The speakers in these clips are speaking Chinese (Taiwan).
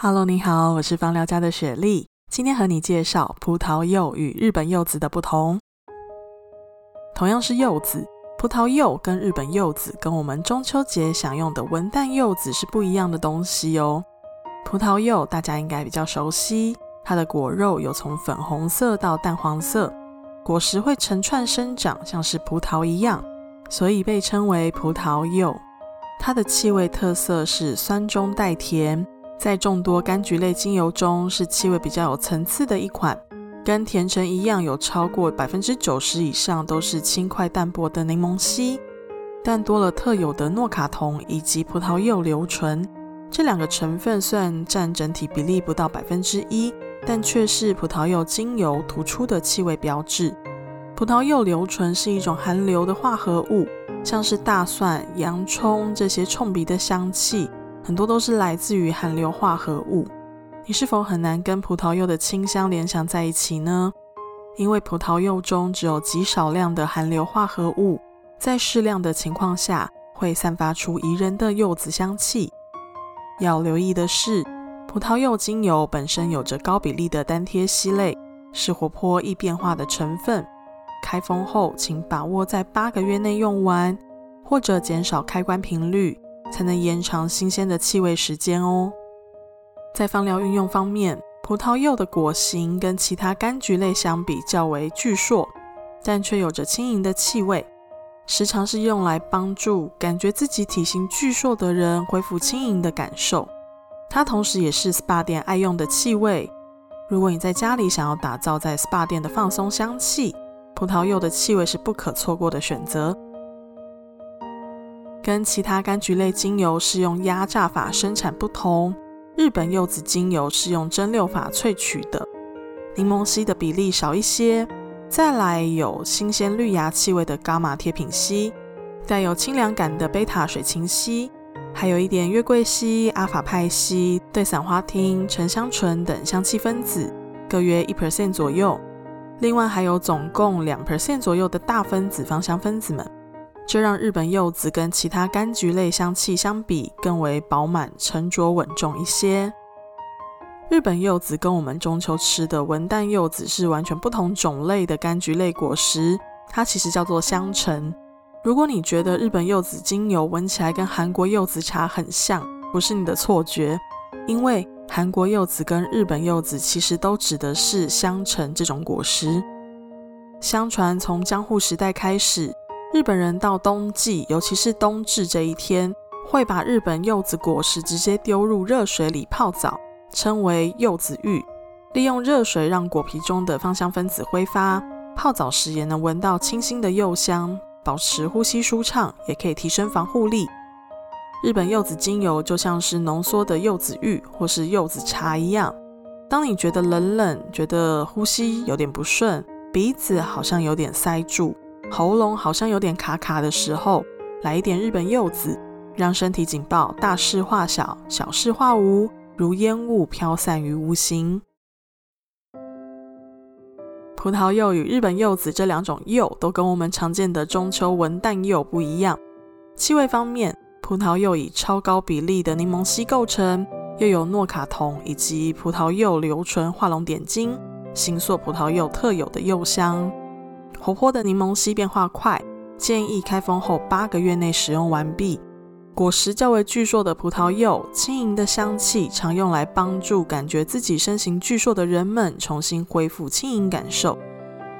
Hello，你好，我是芳療家的雪莉。今天和你介紹葡萄柚與日本柚子的不同。同樣是柚子，葡萄柚跟日本柚子跟我們中秋節享用的文旦柚子是不一樣的東西哦。葡萄柚大家應該比較熟悉，它的果肉有從粉紅色到淡黃色，果實會成串生長，像是葡萄一樣，所以被稱為葡萄柚。它的氣味特色是酸中帶甜。在眾多柑橘類精油中，是氣味比較有層次的一款。跟甜橙一樣，有超過百分之九十以上都是輕快淡薄的檸檬烯，但多了特有的諾卡酮以及葡萄柚硫醇。這兩個成分算佔整體比例不到百分之一，但卻是葡萄柚精油突出的氣味標誌。葡萄柚硫醇是一種含硫的化合物，像是大蒜、洋蔥這些衝鼻的香氣。很多都是來自於含硫化合物。你是否很難跟葡萄柚的清香聯想在一起呢？因為葡萄柚中只有極少量的含硫化合物，在適量的情況下，會散發出宜人的柚子香氣。要留意的是，葡萄柚精油本身有着高比例的單萜烯類，是活潑易變化的成分。開封後，請把握在八個月內用完，或者減少開關頻率。才能延長新鮮的氣味時間哦。在芳療運用方面，葡萄柚的果形跟其他柑橘類相比較為巨碩，但卻有着輕盈的氣味，時常是用來幫助感覺自己體型巨碩的人恢復輕盈的感受。它同時也是 SPA 店愛用的氣味。如果你在家裡想要打造在 SPA 店的放鬆香氣，葡萄柚的氣味是不可錯過的選擇。跟其他柑橘類精油是用壓榨法生產不同，日本柚子精油是用蒸餾法萃取的，檸檬烯的比例少一些。再來有新鮮綠芽氣味的伽馬萜品烯，帶有清涼感的貝塔水芹烯，還有一點月桂烯、阿法蒎烯、對傘花烴、沉香醇等香氣分子，各約一 percent 左右。另外還有總共兩 percent 左右的大分子芳香分子們。這讓日本柚子跟其他柑橘類香氣相比，更為飽滿、沉着、穩重一些。日本柚子跟我們中秋吃的文旦柚子是完全不同種類的柑橘類果實，它其實叫做香橙。如果你覺得日本柚子精油聞起來跟韓國柚子茶很像，不是你的錯覺，因為韓國柚子跟日本柚子其實都指的是香橙這種果實。相傳從江戶時代開始。日本人到冬季，尤其是冬至這一天，會把日本柚子果實直接丟入熱水裡泡澡，稱為柚子浴。利用熱水讓果皮中的芳香分子揮發，泡澡時也能聞到清新的柚香，保持呼吸舒暢，也可以提升防護力。日本柚子精油就像是濃縮的柚子浴或是柚子茶一樣，當你覺得冷冷，覺得呼吸有點不順，鼻子好像有點塞住。喉嚨好像有點卡卡的時候，來一點日本柚子，讓身體警報大事化小、小事化無，如煙霧飄散於無形。葡萄柚與日本柚子這兩種柚都跟我們常見的中秋文旦柚不一樣。氣味方面，葡萄柚以超高比例的檸檬烯構成，又有諾卡酮以及葡萄柚硫醇畫龍點睛，新塑葡萄柚特有的柚香。活潑的檸檬烯變化快，建議開封後八個月內使用完畢。果實較為巨碩的葡萄柚，輕盈的香氣，常用來幫助感覺自己身形巨碩的人們重新恢復輕盈感受。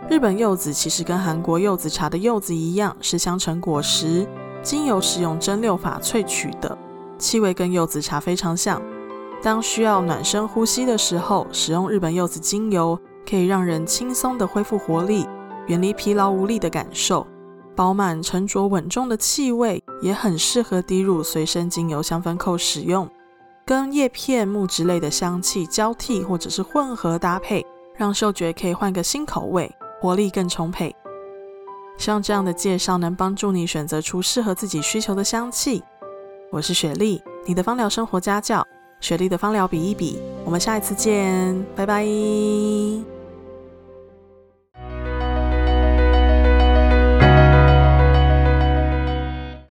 日本柚子其實跟韓國柚子茶的柚子一樣，是香橙果實，精油是用蒸餾法萃取的，氣味跟柚子茶非常像。當需要暖身呼吸的時候，使用日本柚子精油可以讓人輕鬆地恢復活力。遠離疲勞無力的感受，飽滿沉着穩重的氣味也很適合滴入隨身精油香氛扣使用，跟葉片木質類的香氣交替或者是混合搭配，讓嗅覺可以換個新口味，活力更充沛。希望這樣的介紹能幫助你選擇出適合自己需求的香氣。我是雪莉，你的芳療生活家教，雪莉的芳療比一比，我們下一次見，拜拜。